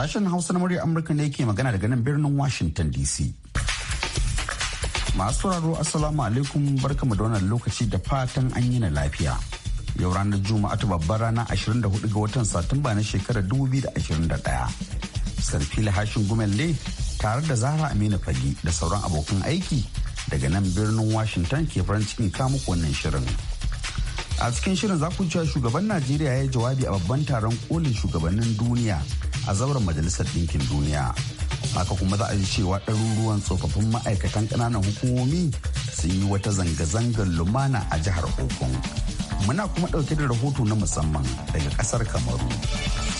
Sashen Hausa na murya Amurka ne ke magana daga nan birnin Washington DC. Masu sauraro Assalamu alaikum barkamu da wannan lokaci da fatan an yi na lafiya. Yau ranar Juma'a ta babbar rana 24 ga watan Satumba na shekarar 2021. sarfila hashin gumelle tare da zahra aminu fage da sauran abokan aiki daga nan birnin washington ke farin cikin kamu wannan shirin a cikin shirin za cewa shugaban najeriya ya yi jawabi a babban taron kolin shugabannin duniya a zauren majalisar ɗinkin duniya haka kuma za a ji cewa ɗaruruwan tsofaffin ma'aikatan ƙananan hukumomi sun yi wata zanga-zangar lumana a jihar hukun muna kuma ɗauke da rahoto na musamman daga ƙasar kamaru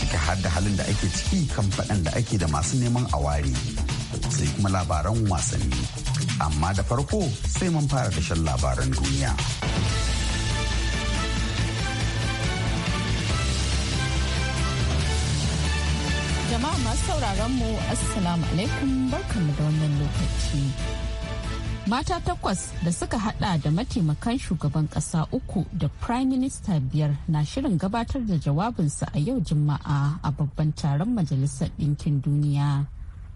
ciki har da halin da ake ciki kan faɗan da ake da masu neman a ware sai kuma labaran wasanni amma da farko sai mun fara da labaran duniya. Jama'a masu sauraron mu Assalamu alaikum barkanmu da wannan lokaci. Mata takwas da suka hada da mataimakan shugaban kasa uku da Prime Minister biyar na shirin gabatar da jawabinsa a yau Juma'a a babban taron Majalisar Ɗinkin Duniya.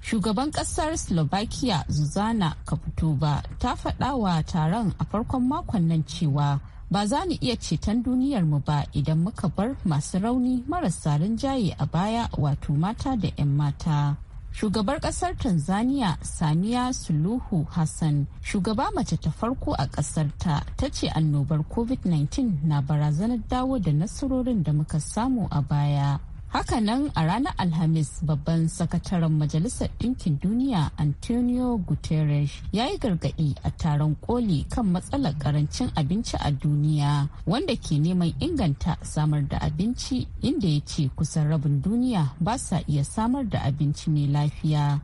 shugaban kasar slovakia zuzana kaputova ta faɗa wa taron a farkon makon nan cewa ba za ni iya ceton duniyarmu ba idan muka bar masu rauni marasa rinjaye a baya wato mata da 'yan mata. shugabar ƙasar tanzania Saniya suluhu hassan shugaba mace ta farko a kasar ta ta ce annobar covid-19 na barazanar dawo da nasarorin da muka samu a baya haka nan a ranar Alhamis babban sakataren Majalisar dinkin Duniya Antonio Guterres ya yi gargaɗi a taron koli kan matsalar karancin abinci a duniya wanda ke neman inganta samar da abinci inda ya ce kusan rabin duniya ba sa iya samar da abinci mai lafiya.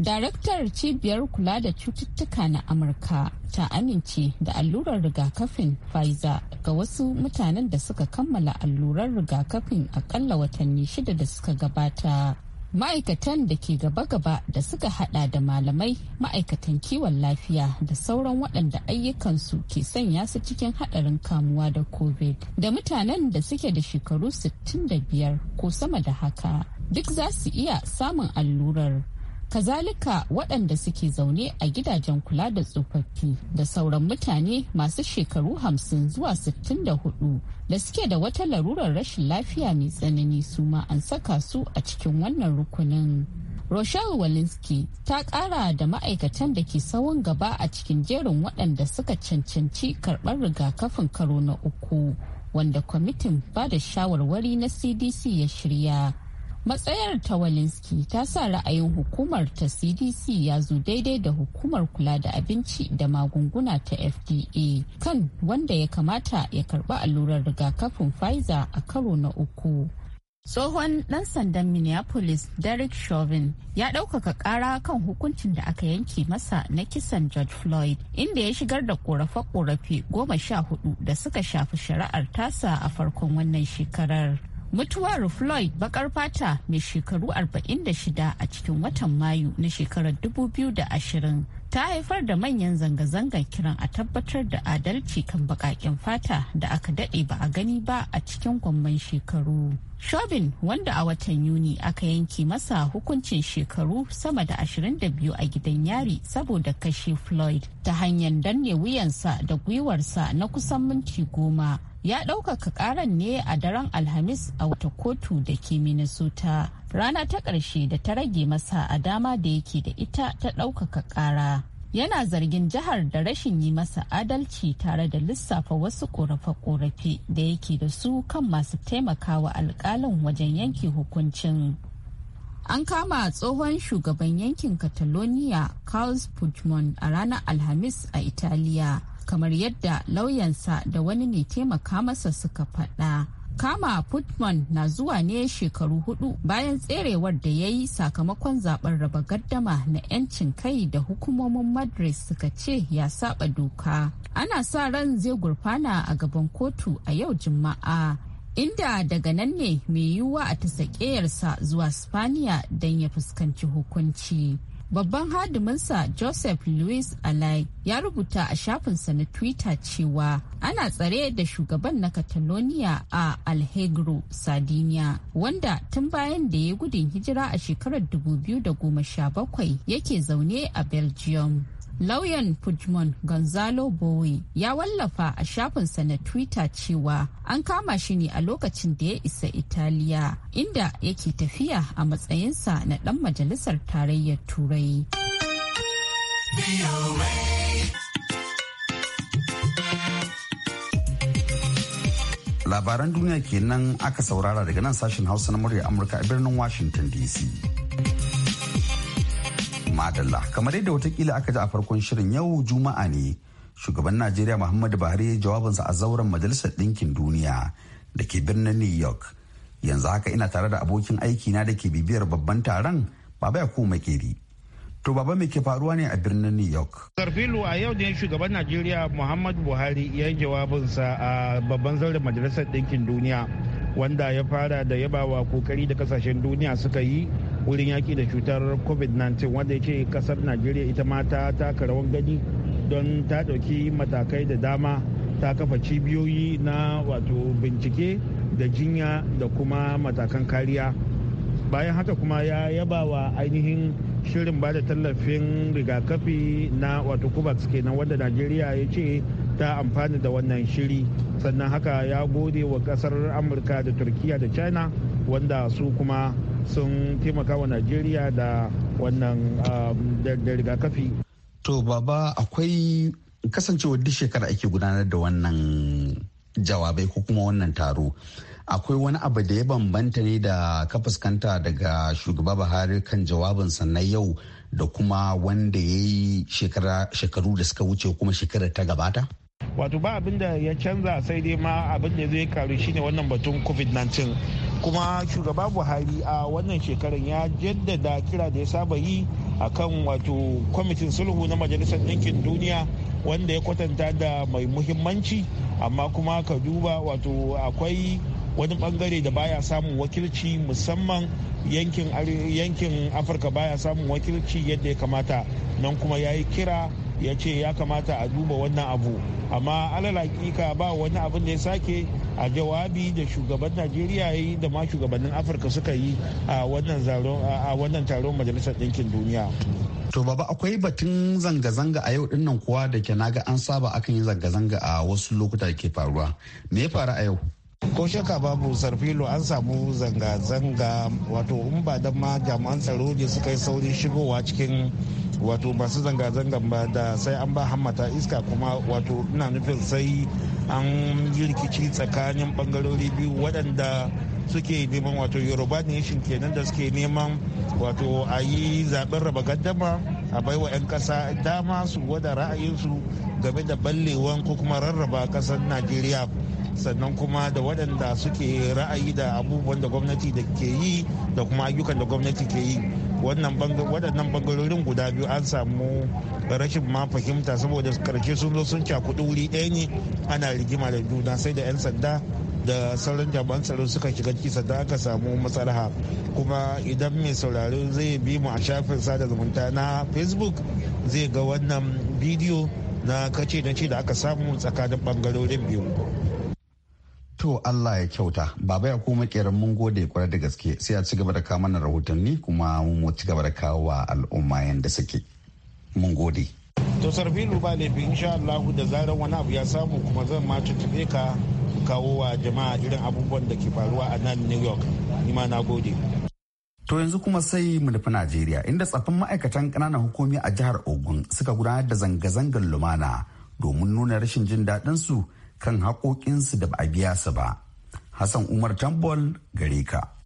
Daraktar cibiyar kula da cututtuka na Amurka ta amince da allurar rigakafin Pfizer ga wasu mutanen da suka kammala allurar rigakafin akalla watanni shida da suka gabata. Ma'aikatan da ke gaba-gaba da suka hada da malamai, ma'aikatan kiwon lafiya da sauran waɗanda ayyukansu ke sanya su cikin haɗarin kamuwa da COVID da mutanen da suke da shekaru 65 ko sama da haka duk za su iya samun allurar. kazalika waɗanda suke zaune a gidajen kula da tsofaffi da sauran mutane masu shekaru hamsin zuwa sittin da hudu da suke da wata larurar rashin lafiya mai tsanani su ma an saka su a cikin wannan rukunin Rochelle Walensky ta kara da ma'aikatan da ke tsawon gaba a cikin jerin waɗanda suka cancanci karɓar rigakafin karo na uku wanda kwamitin ba da shawarwari na CDC ya shirya. matsayar ta walinski ta sa ra'ayin hukumar ta cdc ya zo daidai da hukumar kula da abinci da magunguna ta fda kan wanda ya kamata ya karba allurar rigakafin pfizer a karo na uku tsohon dan sandan minneapolis derek chauvin ya daukaka kara kan hukuncin da aka yanke masa na kisan george floyd inda ya shigar da korafe-korafe goma sha hudu da suka shafi shari'ar tasa a farkon wannan shekarar mutuwar floyd bakar fata mai shekaru 46 a cikin watan mayu na shekarar 2020 ta haifar da manyan zanga-zangar kiran a tabbatar da adalci kan bakaƙen fata da aka dade ba a gani ba a cikin gwamman shekaru shobin wanda a watan yuni aka yanke masa hukuncin shekaru sama da 22 a gidan yari saboda kashe floyd ta hanyar danne wuyansa da gwiwarsa na kusan minti goma ya ɗaukaka ƙaran ne a daren alhamis a wata kotu da ke minnesota rana ta ƙarshe da ta rage masa a dama da yake da ita ta ɗaukaka ƙara yana zargin jihar da rashin yi masa adalci tare da lissafa wasu ƙorafe korafe da yake da su kan masu taimakawa alƙalin wajen yanke hukuncin an kama tsohon shugaban yankin catalonia carles puigdemont a ranar alhamis a italiya kamar yadda lauyansa da wani ne taimaka masa suka faɗa. Kama Putman na zuwa ne shekaru hudu bayan tserewar da ya yi sakamakon zaben raba gardama na 'yancin kai da hukumomin Madrid suka ce ya saba doka. Ana sa ran zai gurfana a gaban kotu a yau Juma'a. inda daga nan ne mai yiwuwa a ta zuwa spaniya don ya fuskanci hukunci babban hadiminsa joseph louis alai ya rubuta a shafinsa na twitter cewa ana tsare da shugaban na catalonia a alhegro sardinia wanda tun bayan da ya gudun hijira a shekarar 2017 yake zaune a belgium Lauyan pujman Gonzalo Bowie ya wallafa a shafinsa na Twitter cewa an kama shi ne a lokacin da ya isa Italiya inda yake tafiya a matsayinsa na ɗan majalisar tarayyar Turai. Labaran duniya kenan aka saurara daga nan sashen Hausa na murya Amurka a birnin Washington DC. madalla kamar yadda watakila aka ji a farkon shirin yau juma'a ne shugaban najeriya muhammadu buhari ya jawabinsa a zauren majalisar ɗinkin duniya da ke birnin new york yanzu haka ina tare da abokin aiki na da ke bibiyar babban taron baba ya kuma makeri to baba me ke faruwa ne a birnin new york garfilu a yau ne shugaban najeriya muhammadu buhari ya yi jawabinsa a babban zauren majalisar ɗinkin duniya wanda ya fara da yabawa kokari da kasashen duniya suka yi wurin yaki da cutar covid-19 wanda ya ce kasar najeriya ita mata ta taka rawan gani don ta ɗauki matakai da dama ta kafa cibiyoyi na wato bincike da jinya da kuma matakan kariya bayan haka kuma ya yaba wa ainihin shirin ba da tallafin rigakafi na wato kubax kenan wanda najeriya ya ce ta amfani da wannan shiri sannan haka ya gode wa kasar amurka da turkiya da china wanda su kuma sun taimaka wa najeriya da wannan um, da rigakafi to baba akwai kasancewa duk shekara ake gudanar da wannan jawabai ko kuma wannan taro akwai wani abu da ya bambanta ne da ka fuskanta daga shugaba buhari kan jawabin sannan yau da kuma wanda ya yi shekaru da suka wuce kuma shekarar ta gabata wato ba abin da ya canza sai dai ma abin da zai karu shine wannan batun covid-19 kuma shugaba buhari a wannan shekaran ya jaddada kira da ya saba yi akan wato kwamitin sulhu na majalisar ɗinkin duniya wanda ya kwatanta da mai muhimmanci amma kuma ka duba wato akwai wani bangare da baya samun wakilci musamman yankin afirka baya samun wakilci yadda ya kamata nan kuma ya yi kira ya ce ya kamata a duba wannan abu amma alal hakika ba wani abin da ya sake a jawabi da shugaban najeriya ya yi da ma shugabannin afirka suka yi a wannan taron majalisar ɗinkin duniya to baba akwai batun zanga-zanga a yau dinnan kuwa da ke naga an saba akan yi zanga-zanga a wasu lokuta ke faruwa me ya faru a yau ko shaka babu sarfilo an samu zanga-zanga wato in ba da ma jami'an tsaro ne suka yi saurin shigowa cikin wato masu zanga-zangan ba da sai an ba hammata iska kuma wato ina nufin sai an yi rikici tsakanin bangarori biyu waɗanda suke neman wato yoruba nation kenan da suke neman wato a yi zaben raba gaddama a baiwa 'yan ƙasa dama su gwada ra'ayinsu game da ballewan ko kuma rarraba ƙasar najeriya sannan kuma da waɗanda suke ra'ayi da abubuwan da gwamnati da ke yi da kuma ayyukan da gwamnati ke yi waɗannan bangarorin guda biyu an samu rashin ma fahimta saboda karshe sun zo sun cakudu wuri ɗaya ne ana rigima da juna sai da 'yan sanda da sauran jami'an tsaro suka shiga ciki sanda aka samu matsalaha kuma idan mai sauraro zai bi mu a shafin sada zumunta na facebook zai ga wannan bidiyo na kace na ce da aka samu tsakanin bangarorin biyu To Allah ya kyauta, baba ya kuma keran mun gode kwarai da gaske sai a ci gaba da kawo mana rahotanni kuma mu ci gaba da kawo wa al'umma yadda suke. Mun gode. To sarfilu ba laifin insha Allah da zarar wani abu ya samu kuma zan ma tuntube ka kawo wa jama'a irin abubuwan da ke faruwa a nan New York. Ni ma na gode. To yanzu kuma sai mu nufi Najeriya inda tsafin ma'aikatan ƙananan hukumi a jihar Ogun suka gudanar da zanga-zangar lumana domin nuna rashin jin daɗin su kan haƙoƙinsu da ba a biya su ba. Hassan Umar Tambol gare ka.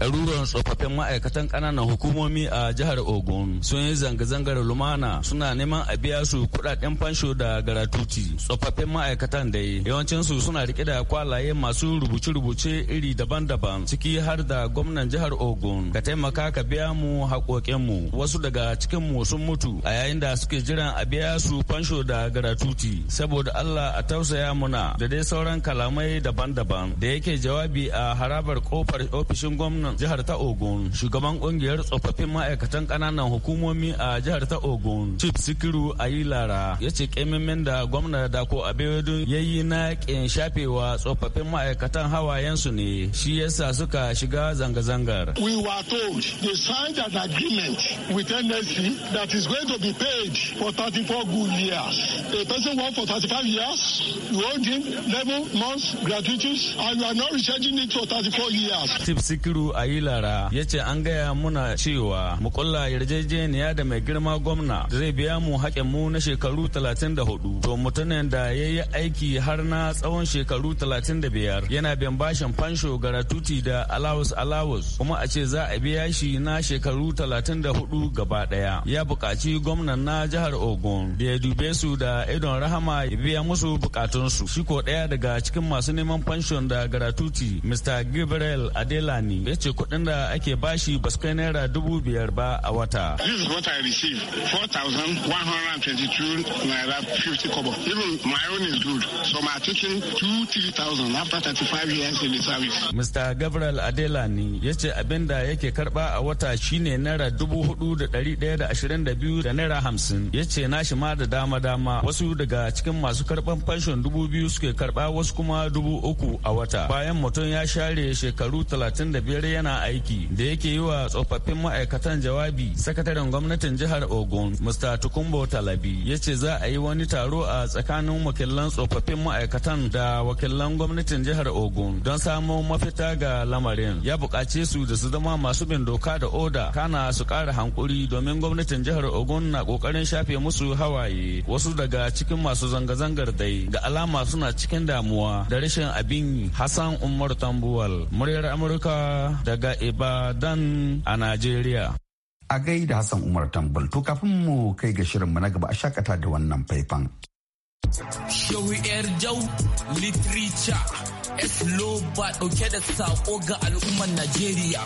Ɗaruruwan tsofaffin ma'aikatan ƙananan hukumomi a jihar Ogun sun yi zanga-zangar lumana suna neman a biya su kuɗaɗen fansho da garatuti. Tsofaffin ma'aikatan dai yawancinsu suna rike da kwalaye masu rubuce-rubuce iri daban-daban ciki har da gwamnan jihar Ogun ka taimaka ka biya mu haƙoƙinmu. Wasu daga cikin mu sun mutu a yayin da suke jiran a biya su fansho da garatuti saboda Allah a tausaya muna da dai sauran kalamai daban-daban da yake jawabi a harabar kofar ofishin gwamna gwamnan jihar ta Ogun shugaban kungiyar tsofaffin ma'aikatan kananan hukumomi a jihar ta Ogun Chief Sikiru Ayilara ya ce kemimin da gwamna Dako Abiodun ya yi na kin shafewa tsofaffin ma'aikatan hawayensu ne shi yasa suka shiga zanga-zangar. We were told they signed an agreement with NSC that is going to be paid for 34 good years. A person work for 35 years, you owed him 11 months gratuities and you are not recharging it for 34 years. Chief Sikiru a lara ya ce an gaya muna cewa mu kulla yarjejeniya da mai girma gwamna zai biya mu haƙƙin mu na shekaru 34 to mutumin da ya yi aiki har na tsawon shekaru 35 yana bin bashin fansho garatuti da alawus alawus kuma a ce za a biya shi na shekaru 34 gaba ɗaya ya buƙaci gwamnan na jihar Ogun da ya dube su da idon rahama ya biya musu bukatunsu shi ko ɗaya daga cikin masu neman fanshon da garatuti Mr. Gabriel Adelani ya ce ce kudin da ake bashi ba kai naira dubu biyar ba a wata. This is what I receive, 4,122 naira 50 kobo. Even my own is good, so my taking 2,000 after 35 years in the service. Mr. Gabriel Adelani ya ce abin da yake karba a wata shine naira dubu hudu da dari ɗaya da ashirin da biyu da naira hamsin. Ya ce nashi ma da dama-dama wasu daga cikin masu karban fanshon dubu biyu suke karɓa wasu kuma dubu uku a wata. Bayan mutum ya share shekaru talatin da biyar yana aiki da yake yi wa tsofaffin ma'aikatan jawabi sakataren gwamnatin jihar ogun mr tukumbo talabi ya ce za a yi wani taro a tsakanin wakilan tsofaffin ma'aikatan da wakilan gwamnatin jihar ogun don samo mafita ga lamarin ya buƙace su da su zama masu bin doka da oda kana su ƙara hankuri domin gwamnatin jihar ogun na ƙoƙarin shafe musu hawaye wasu daga cikin masu zanga-zangar dai da alama suna cikin damuwa da rashin abin hassan umar tambuwal muryar amurka daga Ibadan a Najeriya. A gaida Hassan Umar Tambal to kafin mu kai ga shirinmu na gaba a shakata da wannan faifan. Shawiyar er Jau Literature Esloba ɗauke da sako ga al'ummar Najeriya.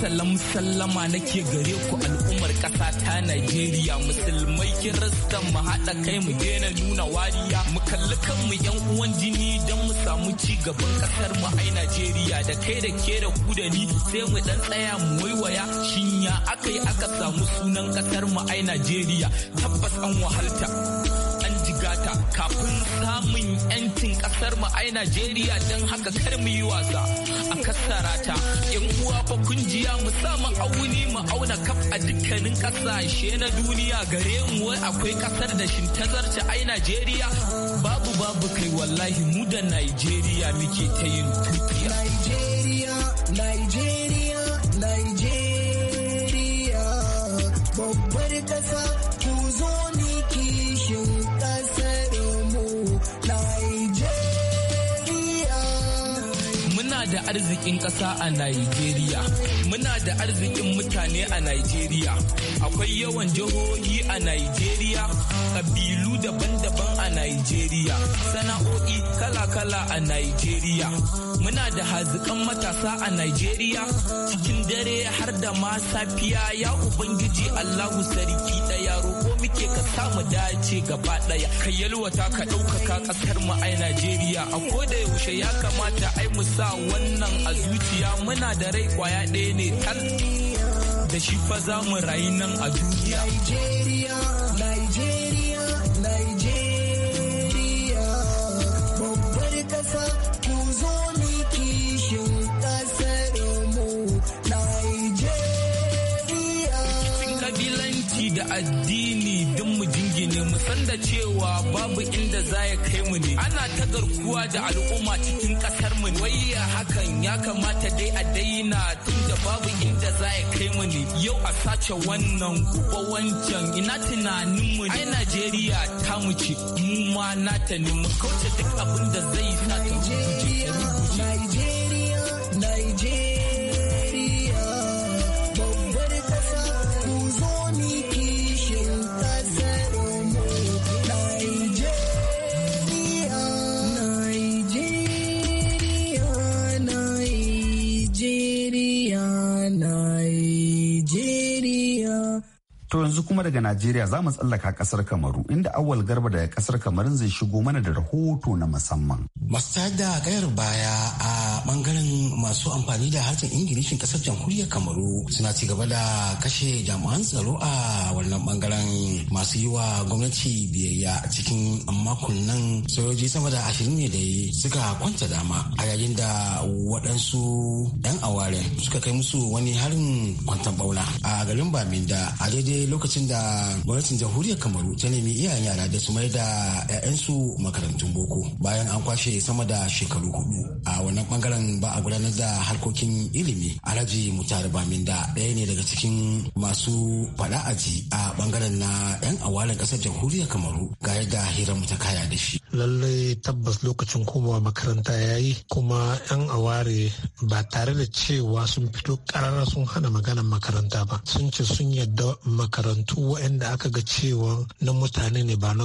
salam sallama nake gare ku al'ummar ƙasa ta Najeriya musulmai rasta mu haɗa kai mu daina nuna wariya mu kalli kanmu yan uwan jini don mu samu ci gaban ƙasar mu ai Najeriya da kai da ke da ku da ni sai mu dan tsaya mu waiwaya shinya akai aka samu sunan ƙasar mu ai Najeriya tabbas an wahalta kafin samun 'yancin kasar mu ai Najeriya don haka kar mu yi wasa a kasara ta yan uwa fa kunjiya mu sa mu auni mu auna kaf a dukkanin kasashe na duniya gare mu wai akwai kasar da shin tazarta ai Najeriya babu babu kai wallahi mu da Najeriya muke ta yin tukiya Najeriya Najeriya arzikin ƙasa a Najeriya. Muna da arzikin mutane a Najeriya. Akwai yawan jihohi a Najeriya, ƙabilu daban-daban a Najeriya, sana'o'i kala-kala a Najeriya. Muna da hazikan matasa a Najeriya, cikin dare har da ma safiya ya Ubangiji Allahu Sarki ɗaya roƙo muke ka samu dace gaba daya ka yalwata ka ɗaukaka kasar mu ai Najeriya a ko da yaushe ya kamata ai mu sa wannan a zuciya muna da rai kwaya ɗaya ne tal da shi fa za mu rayu nan a duniya. Nigeria, Nigeria, Nigeria, da mu san da cewa babu inda za ya kai mu ne ana ta garkuwa da al'umma cikin kasar mu wai hakan ya kamata dai a daina tun da babu inda za ya kai mu ne yau a sace wannan gobe wancan ina tunanin mu ai Najeriya ta mu ce mu ma nata ne mu kauce duk abin da zai sa ta rubuce Nigeria yanzu kuma daga najeriya za mu tsallaka kasar kamaru inda awal garba daga kasar kamarun zai shigo mana da rahoto na musamman masu da kayar baya a bangaren masu amfani da harshen ingilishin kasar jamhuriyar kamaru suna ci gaba da kashe jami'an tsaro a wannan bangaren masu yi wa gwamnati biyayya cikin makon nan sojoji sama da ashirin ne da suka kwanta dama a yayin da waɗansu 'yan aware suka kai musu wani harin kwantan bauna a garin baminda a daidai lokacin da gwamnatin jamhuriyar kamaru ta nemi iyayen yara da su mai da 'ya'yansu makarantun boko bayan an kwashe sama da shekaru hudu a wannan bangaren ba a gudanar da harkokin ilimi alhaji mutare da ɗaya ne daga cikin masu faɗa aji a bangaren na 'yan awalin ƙasar jamhuriyar kamaru ga yadda hira mu ta kaya da shi lallai tabbas lokacin komawa makaranta ya yi kuma 'yan aware ba tare da cewa sun fito karara sun hana maganar makaranta ba sun ce sun yadda makaranta makarantu waɗanda aka ga cewa na mutane ne ba na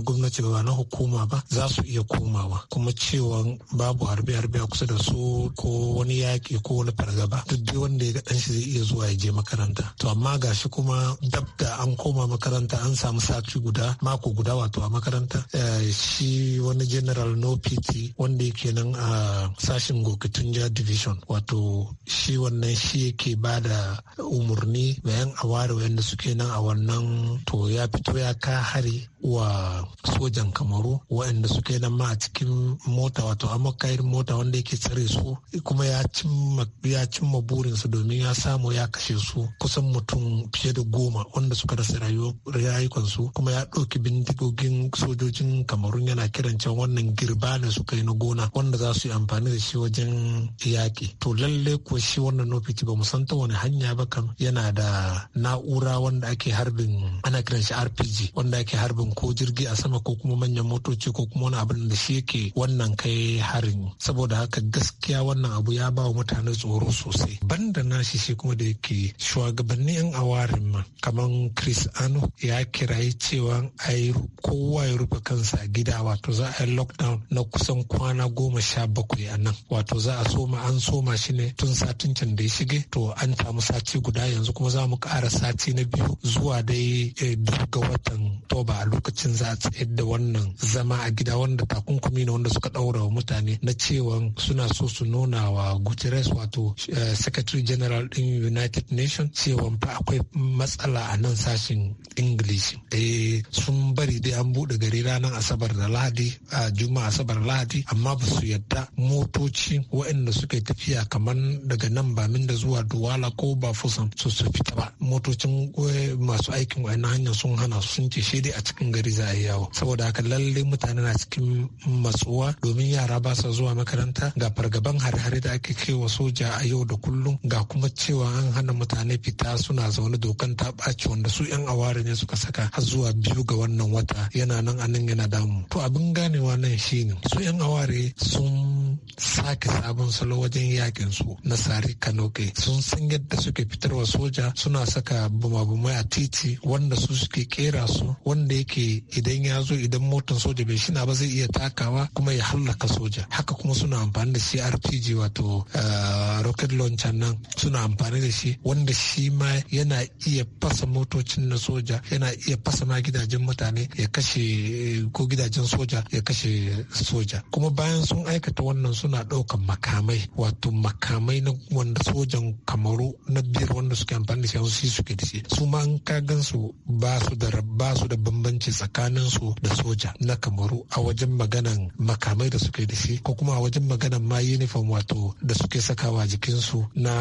gwamnati ba na hukuma ba za su iya komawa kuma cewa babu harbe-harbe a kusa da su ko wani yaƙi ko wani fargaba duk dai wanda ya ga shi zai iya zuwa ya je makaranta to amma gashi kuma dab da an koma makaranta an samu sati guda mako guda wato a makaranta eh, shi wani general no pt wanda yake nan a sashin gokitunja division wato shi wannan shi yake ba da umarni bayan a aware wanda suke kenan a wannan to ya fito ya ka hari wa sojan kamaru waɗanda suka yi nan ma a cikin mota wato amakayin mota wanda yake tsare su kuma ya cimma burinsa domin ya samu ya kashe su kusan mutum fiye da goma wanda suka rasa rayukansu kuma ya ɗauki bindigogin sojojin kamarun yana kiran can wannan girba ne suka yi na gona wanda za su yi amfani da shi wajen yaƙi to lallai ko shi wannan lokaci ba mu san ta wani hanya ba kan yana da na'ura wanda ake harbin ana kiran shi rpg wanda ake harbin ko jirgi a sama ko kuma manyan motoci ko kuma wani abin da shi yake wannan kai harin saboda haka gaskiya wannan abu ya ba wa mutane tsoro sosai banda na shi shi kuma da yake shugabanni yan awarin ma kamar chris ano ya yi cewa a yi kowa ya rufe kansa a gida wato za a yi lockdown na kusan kwana goma sha bakwai a nan wato za a soma an soma shi ne tun satin can da ya shige to an samu sati guda yanzu kuma za mu kara sati na biyu zuwa dai eh, ga watan toba a lokacin za a tsayar da wannan zama a gida wanda takunkumi ne wanda suka ɗaura wa mutane na cewa suna so su nuna wa guterres wato eh, secretary general ɗin united nations cewa fa akwai matsala a nan sashen english eh, sun bari dai an buɗe gari ranar asabar da lahadi a juma'a asabar lahadi amma ba su yadda motoci waɗanda suke tafiya kamar daga nan ba min da zuwa duwala ko ba fusan su su fita ba motocin masu aikin wayannan hanyar sun hana sun ce shi dai a cikin gari za a yi yawo saboda haka lalle mutane na cikin matsuwa domin yara ba sa zuwa makaranta ga fargaban hare-hare da ake kai soja a yau da kullum ga kuma cewa an hana mutane fita suna zaune dokan ta ɓaci wanda su 'yan aware ne suka saka har zuwa biyu ga wannan wata yana nan anan yana damu to abin ganewa nan shine su 'yan aware sun sake sabon salo wajen yakin su na sari kanoke sun san yadda suke fitar wa soja suna saka bumabumai a titi wanda su suke kera su wanda yake idan ya zo idan motan soja bai shina ba zai iya takawa kuma ya hallaka soja haka kuma suna amfani da shi rpg wato eh, rocket launcher nan suna amfani da shi wanda shi ma yana iya fasa motocin na soja yana iya fasa ma gidajen mutane ya kashe eh, ko gidajen soja ya kashe soja kuma bayan sun aikata wannan nan suna ɗaukan makamai wato makamai na wanda sojan kamaru na biyar wanda suke amfani da shi su suke da shi su ma an ka gan su ba su da ba su da bambanci tsakanin su da soja na kamaru a wajen maganan makamai da suke da shi ko kuma a wajen maganan ma uniform wato da suke sakawa jikinsu na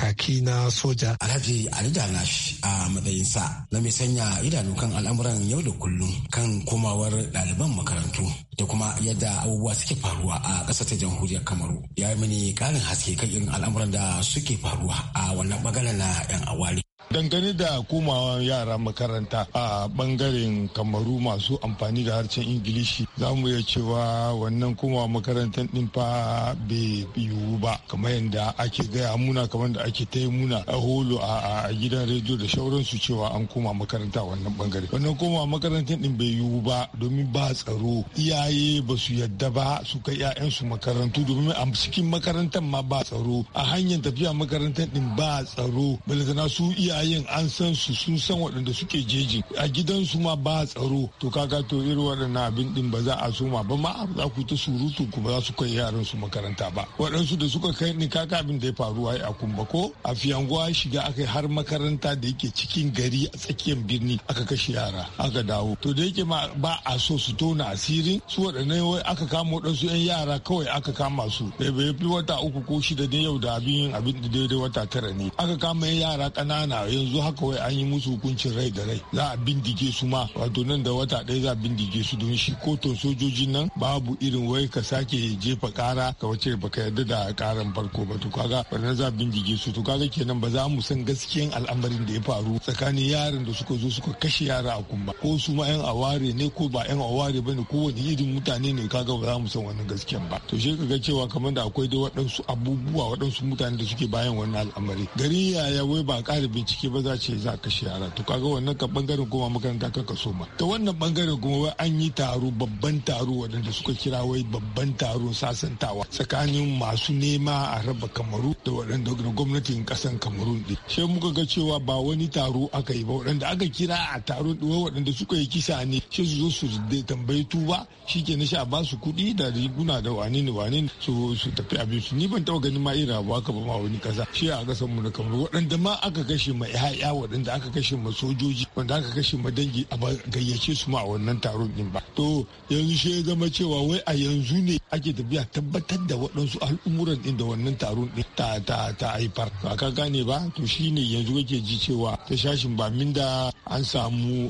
kaki na soja alhaji alida nash a matsayin sa na mai sanya idanu kan al'amuran yau da kullum kan komawar ɗaliban makarantu da kuma yadda abubuwa suke faruwa a ƙasar ta jamhuriyar kamaru ya yi mini karin haske kan irin al'amuran da suke faruwa a wannan bagana na 'yan awari dangane da komawa yara makaranta a bangaren kamaru masu amfani da harshen ingilishi za mu iya cewa wannan komawa makarantar din fa bai yiwu ba kamar yadda ake gaya muna kamar da ake ta muna a holo a gidan rediyo da shauransu cewa an koma makaranta wannan bangare wannan komawa makarantar din bai yiwu ba domin ba tsaro iyaye ba su yadda ba su kai 'ya'yansu makarantu domin a cikin makarantar ma ba tsaro a hanyar tafiya makarantar din ba tsaro balantana su iya iyayen an san su sun san waɗanda suke jeji a gidansu ma ba tsaro to kaga to irin waɗannan abin din ba za a soma ba ma za ku ta surutu ku ba za su kai yaran su makaranta ba waɗansu da suka kai ni kaka abin da ya faru ai a kumba ko a fiyanguwa shiga aka har makaranta da yake cikin gari a tsakiyar birni aka kashe yara aka dawo to da yake ma ba a so su tona asirin su waɗannan wai aka kama waɗansu 'yan yara kawai aka kama su bai fi wata uku ko shida ne yau da abin abin da daidai wata tara ne aka kama 'yan yara ƙanana yanzu haka wai an yi musu hukuncin rai da rai za a bindige su ma wato nan da wata ɗaya za a bindige su don shi kotun sojojin nan babu irin wai ka sake jefa kara ka wace baka yarda da karan farko ba to kaga wannan za a bindige su to kaga kenan ba za mu san gaskiyan al'amarin da ya faru tsakanin yaran da suka zo suka kashe yara a kumba ko su ma yan aware ne ko ba yan aware ba ne kowane irin mutane ne kaga ba za mu san wannan gaskiyan ba to shi kaga cewa kamar da akwai dai waɗansu abubuwa waɗansu mutane da suke bayan wannan al'amari gari yaya wai ba ƙara bincike ciki ba za ce za kashe yara to kaga wannan ka bangaren kuma makaranta ka kaso ma ta wannan bangaren kuma wai an yi taro babban taro wadanda suka kira wai babban taro sasantawa tsakanin masu nema a raba kamaru da da gwamnatin kasan kamaru din sai muka ga cewa ba wani taro aka yi ba wadanda aka kira a taron duwa wadanda suka yi kisa ne sai su zo su tambayi tuba shi ke na sha ba su kuɗi da riguna da wani ne wani su su tafi abin su ni ban taba ganin ma irin abu haka ba ma wani ƙasa shi a kasan mu na kamaru wadanda ma aka kashe ma ya'ya waɗanda aka kashe ma sojoji wanda aka kashe ma dangi a ba gayyace su ma a wannan taron din ba to yanzu shi ya zama cewa wai a yanzu ne ake tafiya tabbatar da waɗansu al'umuran din da wannan taron din ta ta ta haifar a ka gane ba to shi ne yanzu kake ji cewa ta shashin ba min da an samu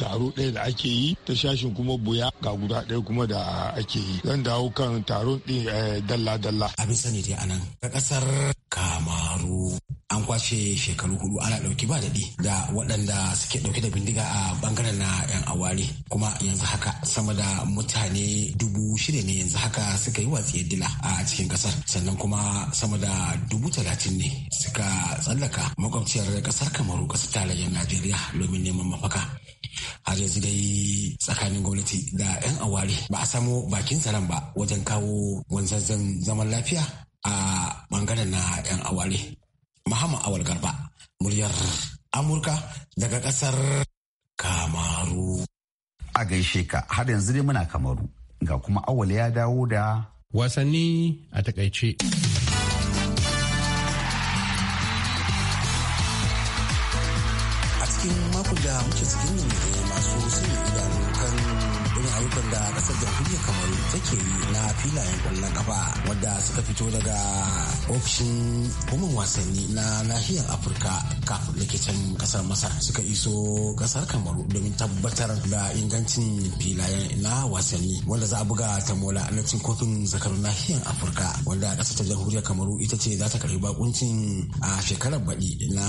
taro ɗaya da ake yi ta shashin kuma buya ga guda ɗaya kuma da ake yi zan dawo kan taron din eh, dalla dalla abin sani dai anan ga ƙasar kamaru an kwace shekaru hudu ana dauki ba daɗi da waɗanda suke dauke da bindiga a bangaren na yan awari kuma yanzu haka sama da mutane dubu shida ne yanzu haka suka yi watsi dila a cikin kasar sannan kuma sama da dubu talatin ne suka tsallaka makwabciyar kasar kamaru kasar talayen najeriya domin neman mafaka har yanzu dai tsakanin gwamnati da 'yan awari ba a samo bakin tsaron ba wajen kawo wanzanzan zaman lafiya a bangaren na 'yan aware. Muhammad Awal Garba, muryar Amurka daga ƙasar Kamaru. A gaishe ka har yanzu dai muna Kamaru ga kuma Awal ya dawo da wasanni a takaice. A cikin makon da muke cikin masu sanya idanu irin ayyukan da kasar jamhuriyar kamaru take yi na filayen kwallon kafa wadda suka fito daga ofishin hukumar wasanni na nahiyar afirka kafin can kasar masar suka iso kasar kamaru domin tabbatar da ingancin filayen na wasanni wanda za a buga tamola na cin kofin zakarun nahiyar afirka wanda kasar ta jamhuriyar kamaru ita ce za ta karbi bakuncin a shekarar baɗi na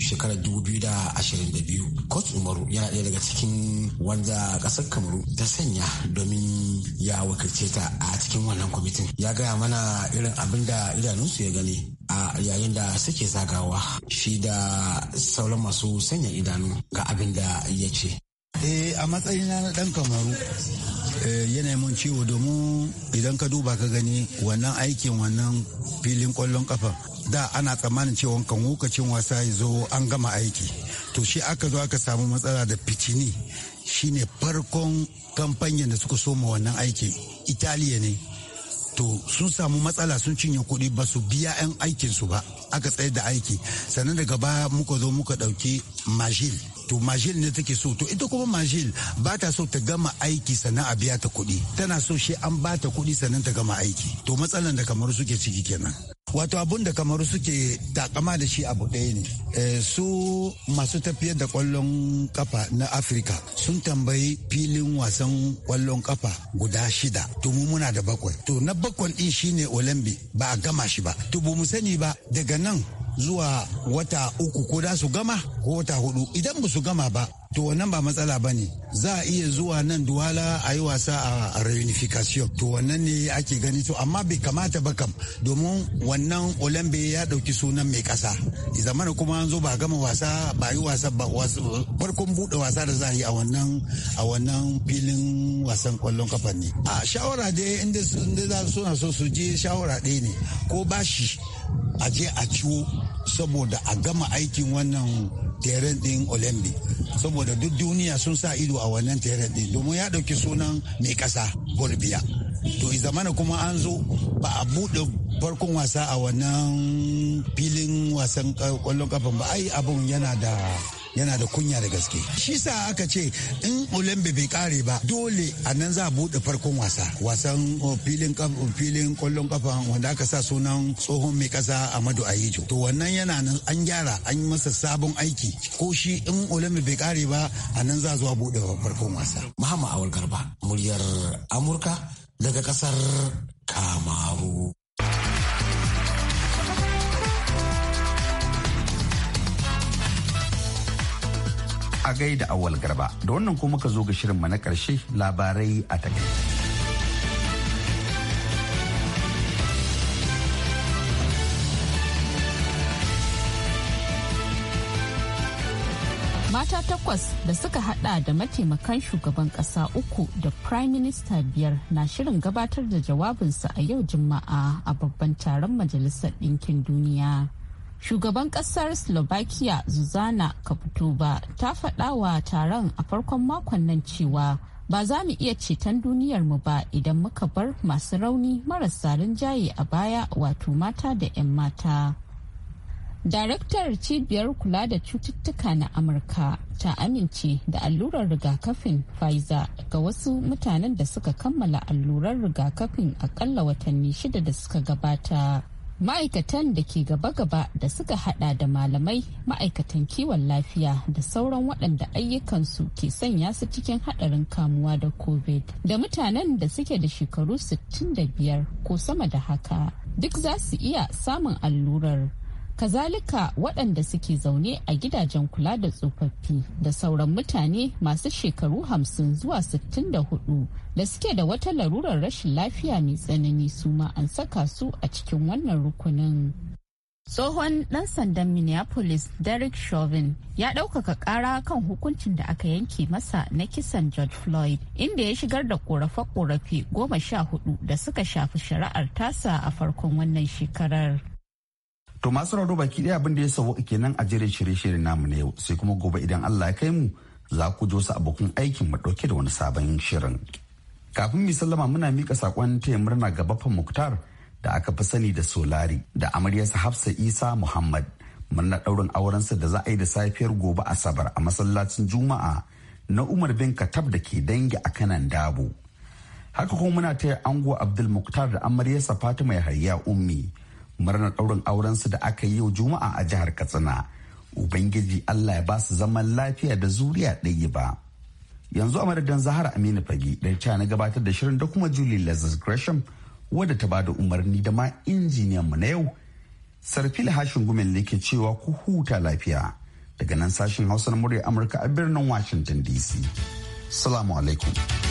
shekarar 2022 coach umaru yana ɗaya daga cikin wanda kasar kamaru ta sanya domin ya wakilce ta a cikin wannan kwamitin ya gaya mana irin abin da idanunsu ya gani a yayin da suke zagawa shi da sauran masu sanya idanu ga abin da ya ce eh a matsayina na dan kamaru eh, yanayin mun ciwo domin idan ka duba ka gani wannan aikin wannan filin kwallon kafa da ana tsammanin cewa kan lokacin wasa ya zo an gama aiki to shi aka zo aka samu matsala da fitini shine farkon kamfanyan da suka soma wannan aikin italiya ne to sun samu matsala sun cinye kuɗi ba su biya 'yan aikinsu ba aka tsayar da aiki sannan daga baya muka zo muka ɗauki majil to majil ne take so to ita kuma majil ba ta so ta gama aiki sannan a biya ta kuɗi tana so shi an ba ta kuɗi sannan ta gama aiki to matsalan da kamar suke ciki kenan wato abun da kamaru suke takama da shi abu ɗaya ne eh, su masu tafiyar da kwallon kafa na afirka sun tambayi filin wasan kwallon kafa guda shida to mu muna da bakwai to na bakwai ɗin shine olambi ba a gama shi ba to ba mu sani ba daga nan zuwa wata uku ko da su gama ko wata hudu idan ba su gama ba to wannan ba matsala ba ne za a iya zuwa nan duwala a yi wasa a reunification to wannan ne ake gani to amma bai kamata ba kam domin wannan olambe ya ɗauki sunan mai kasa zamana kuma an zo ba gama wasa ba yi wasa ba farkon buɗe wasa da za a yi a wannan a wannan filin wasan kwallon kafa ne a shawara dai inda suna so su je shawara ɗaya ne ko bashi a je a ciwo saboda a gama aikin wannan teren din olembi saboda duk duniya sun sa ido a wannan teren din domin ya ɗauki sunan mai ƙasa bolivia to zamana kuma an zo ba a buɗe farkon wasa a wannan filin wasan kwallon kafan ba ai abun yana da yana da kunya da gaske shi sa aka ce in olambe bai kare ba dole a nan za a bude farkon wasa wasan oh, filin filin kwallon kafa wanda aka sa sunan tsohon mai kasa amadu ayijo to wannan yana nan an gyara an masa sabon aiki ko shi in olambe bai kare ba a nan za zuwa bude farkon wasa muhammad awal garba muryar amurka daga kasar kamaru a gaida awal garba da wannan kuma ka zo ga shirinmu na karshe labarai a takaice. Mata takwas da suka hada da mataimakan shugaban kasa uku da prime minister biyar na shirin gabatar da jawabinsa a yau juma'a a babban taron majalisar ɗinkin duniya. shugaban kasar slovakia zuzana kaputova ta faɗa wa taron a farkon makon nan cewa ba za mu iya ceton duniyarmu ba idan muka bar masu rauni marasa rinjaye a baya wato mata da 'yan mata daraktar cibiyar kula da cututtuka na amurka ta amince da allurar rigakafin pfizer ga wasu mutanen da suka kammala allurar rigakafin akalla watanni shida da suka gabata ma'aikatan da ke gaba-gaba da suka hada da malamai ma'aikatan kiwon lafiya da sauran waɗanda ayyukansu ke sanya su cikin haɗarin kamuwa da covid da mutanen da suke da shekaru 65 ko sama da haka duk za su iya samun allurar kazalika waɗanda suke zaune a gidajen kula da tsofaffi da sauran mutane masu shekaru hamsin zuwa sittin da hudu da suke da wata larurar rashin lafiya mai tsanani su ma an saka su a cikin wannan rukunin. tsohon dan sandan minneapolis derek chauvin ya ɗaukaka ƙara kan hukuncin da aka yanke masa na kisan george floyd inda ya shigar da korafe-korafe goma sha hudu da suka shafi shari'ar tasa a farkon wannan shekarar To masu rauro baki ɗaya abin da ya sauwa kenan a jere shirye-shirye namu na yau sai kuma gobe idan Allah ya kai mu za ku ji wasu abokan aikin mu ɗauke da wani sabon shirin. Kafin mu sallama muna mika saƙon taya murna ga Muktar da aka fi sani da Solari da amaryarsa Hafsa Isa Muhammad murna ɗaurin aurensa da za a yi da safiyar gobe Asabar a masallacin Juma'a na Umar bin Katab da ke dangi a kanan Dabo. Haka kuma muna taya ango Abdul Muktar da amaryarsa Fatima Yahaya Ummi. murnar ɗaurin auren su da aka yi yau juma'a a jihar katsina ubangiji allah ya ba su zaman lafiya da zuriya ɗaya ba yanzu a madadin zahara aminu fagi da ta na gabatar da shirin da kuma julie lazis gresham wadda ta ba da umarni da ma injiniyan mu na yau sarfi hashin gumin ne ke cewa ku huta lafiya daga nan sashen hausa na murya amurka a birnin washington dc salamu alaikum